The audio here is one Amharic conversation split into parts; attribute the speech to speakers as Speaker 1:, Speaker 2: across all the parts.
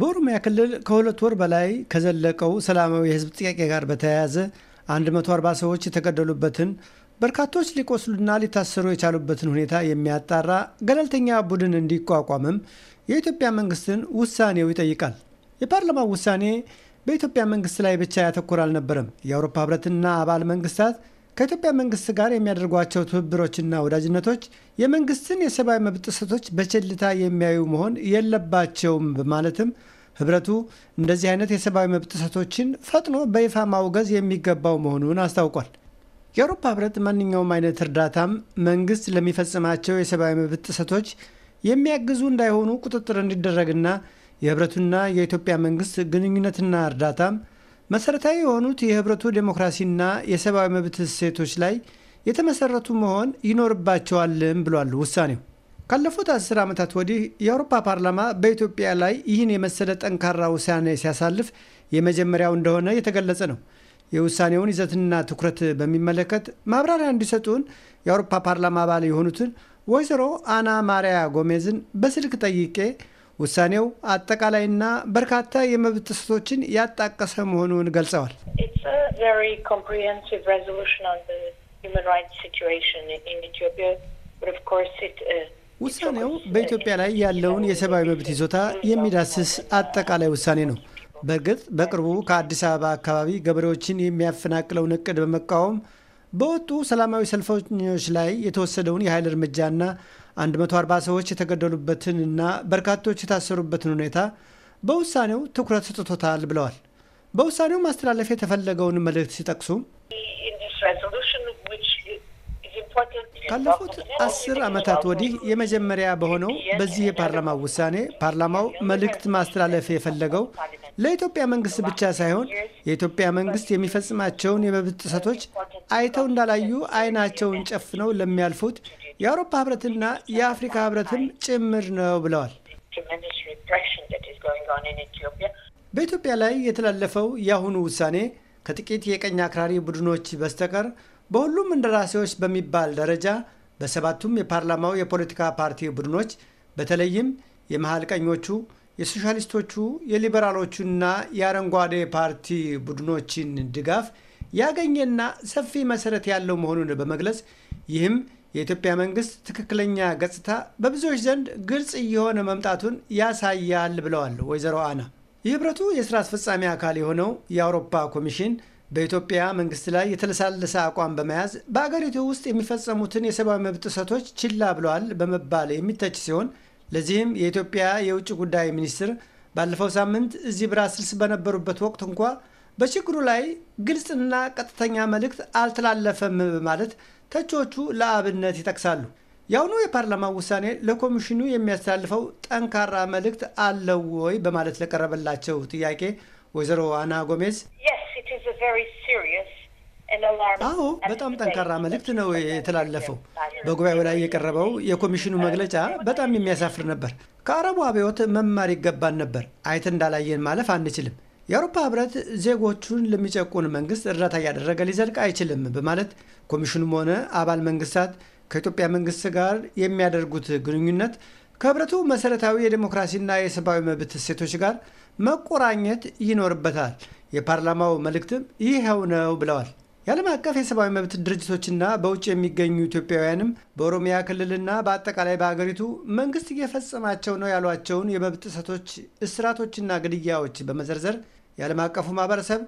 Speaker 1: በኦሮሚያ ክልል ከሁለት ወር በላይ ከዘለቀው ሰላማዊ የህዝብ ጥያቄ ጋር በተያያዘ 140 ሰዎች የተገደሉበትን በርካቶች ሊቆስሉና ሊታሰሩ የቻሉበትን ሁኔታ የሚያጣራ ገለልተኛ ቡድን እንዲቋቋምም የኢትዮጵያ መንግስትን ውሳኔው ይጠይቃል። የፓርላማው ውሳኔ በኢትዮጵያ መንግስት ላይ ብቻ ያተኮር አልነበረም። የአውሮፓ ህብረትና አባል መንግስታት ከኢትዮጵያ መንግስት ጋር የሚያደርጓቸው ትብብሮችና ወዳጅነቶች የመንግስትን የሰብአዊ መብት ጥሰቶች በቸልታ የሚያዩ መሆን የለባቸውም በማለትም ህብረቱ እንደዚህ አይነት የሰብአዊ መብት ጥሰቶችን ፈጥኖ በይፋ ማውገዝ የሚገባው መሆኑን አስታውቋል። የአውሮፓ ህብረት ማንኛውም አይነት እርዳታም መንግስት ለሚፈጽማቸው የሰብአዊ መብት ጥሰቶች የሚያግዙ እንዳይሆኑ ቁጥጥር እንዲደረግና የህብረቱና የኢትዮጵያ መንግስት ግንኙነትና እርዳታም መሰረታዊ የሆኑት የህብረቱ ዴሞክራሲና የሰብአዊ መብት እሴቶች ላይ የተመሰረቱ መሆን ይኖርባቸዋልም ብሏል ውሳኔው። ካለፉት አስር ዓመታት ወዲህ የአውሮፓ ፓርላማ በኢትዮጵያ ላይ ይህን የመሰለ ጠንካራ ውሳኔ ሲያሳልፍ የመጀመሪያው እንደሆነ የተገለጸ ነው። የውሳኔውን ይዘትና ትኩረት በሚመለከት ማብራሪያ እንዲሰጡን የአውሮፓ ፓርላማ አባል የሆኑትን ወይዘሮ አና ማሪያ ጎሜዝን በስልክ ጠይቄ ውሳኔው አጠቃላይና በርካታ የመብት ጥሰቶችን ያጣቀሰ መሆኑን ገልጸዋል። uh, ውሳኔው በኢትዮጵያ ላይ ያለውን የሰብአዊ መብት ይዞታ የሚዳስስ አጠቃላይ ውሳኔ ነው። በእርግጥ በቅርቡ ከአዲስ አበባ አካባቢ ገበሬዎችን የሚያፈናቅለውን እቅድ በመቃወም በወጡ ሰላማዊ ሰልፈኞች ላይ የተወሰደውን የኃይል እርምጃና 140 ሰዎች የተገደሉበትንና በርካቶች የታሰሩበትን ሁኔታ በውሳኔው ትኩረት ሰጥቶታል ብለዋል። በውሳኔው ማስተላለፍ የተፈለገውን መልእክት ሲጠቅሱ ካለፉት አስር ዓመታት ወዲህ የመጀመሪያ በሆነው በዚህ የፓርላማ ውሳኔ ፓርላማው መልእክት ማስተላለፍ የፈለገው ለኢትዮጵያ መንግስት ብቻ ሳይሆን የኢትዮጵያ መንግስት የሚፈጽማቸውን የመብት ጥሰቶች አይተው እንዳላዩ አይናቸውን ጨፍነው ለሚያልፉት የአውሮፓ ህብረትና የአፍሪካ ህብረትም ጭምር ነው ብለዋል። በኢትዮጵያ ላይ የተላለፈው የአሁኑ ውሳኔ ከጥቂት የቀኝ አክራሪ ቡድኖች በስተቀር በሁሉም እንደራሴዎች በሚባል ደረጃ በሰባቱም የፓርላማው የፖለቲካ ፓርቲ ቡድኖች በተለይም የመሀል ቀኞቹ፣ የሶሻሊስቶቹ፣ የሊበራሎቹና የአረንጓዴ ፓርቲ ቡድኖችን ድጋፍ ያገኘና ሰፊ መሰረት ያለው መሆኑን በመግለጽ ይህም የኢትዮጵያ መንግስት ትክክለኛ ገጽታ በብዙዎች ዘንድ ግልጽ እየሆነ መምጣቱን ያሳያል ብለዋል ወይዘሮ አና። የህብረቱ የስራ አስፈጻሚ አካል የሆነው የአውሮፓ ኮሚሽን በኢትዮጵያ መንግስት ላይ የተለሳለሰ አቋም በመያዝ በአገሪቱ ውስጥ የሚፈጸሙትን የሰብአዊ መብት ጥሰቶች ችላ ብለዋል በመባል የሚተች ሲሆን ለዚህም የኢትዮጵያ የውጭ ጉዳይ ሚኒስትር ባለፈው ሳምንት እዚህ ብራስልስ በነበሩበት ወቅት እንኳ በችግሩ ላይ ግልጽና ቀጥተኛ መልእክት አልተላለፈም በማለት ተቾቹ ለአብነት ይጠቅሳሉ። የአሁኑ የፓርላማ ውሳኔ ለኮሚሽኑ የሚያስተላልፈው ጠንካራ መልእክት አለው ወይ በማለት ለቀረበላቸው ጥያቄ ወይዘሮ አና ጎሜዝ አዎ፣ በጣም ጠንካራ መልእክት ነው የተላለፈው። በጉባኤው ላይ የቀረበው የኮሚሽኑ መግለጫ በጣም የሚያሳፍር ነበር። ከአረቡ አብዮት መማር ይገባን ነበር። አይተን እንዳላየን ማለፍ አንችልም። የአውሮፓ ህብረት ዜጎቹን ለሚጨቁን መንግስት እርዳታ እያደረገ ሊዘልቅ አይችልም በማለት ኮሚሽኑም ሆነ አባል መንግስታት ከኢትዮጵያ መንግስት ጋር የሚያደርጉት ግንኙነት ከህብረቱ መሰረታዊ የዴሞክራሲና የሰብአዊ መብት እሴቶች ጋር መቆራኘት ይኖርበታል። የፓርላማው መልእክትም ይኸው ነው ብለዋል። የዓለም አቀፍ የሰብአዊ መብት ድርጅቶችና በውጭ የሚገኙ ኢትዮጵያውያንም በኦሮሚያ ክልልና በአጠቃላይ በሀገሪቱ መንግስት እየፈጸማቸው ነው ያሏቸውን የመብት ጥሰቶች፣ እስራቶችና ግድያዎች በመዘርዘር የዓለም አቀፉ ማህበረሰብ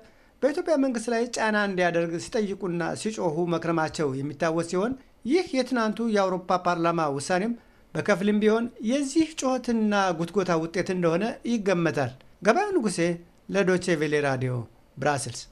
Speaker 1: በኢትዮጵያ መንግስት ላይ ጫና እንዲያደርግ ሲጠይቁና ሲጮሁ መክረማቸው የሚታወስ ሲሆን ይህ የትናንቱ የአውሮፓ ፓርላማ ውሳኔም በከፊልም ቢሆን የዚህ ጩኸትና ጉትጎታ ውጤት እንደሆነ ይገመታል። ገበያው ንጉሴ ለዶቼ ቬሌ ራዲዮ ብራስልስ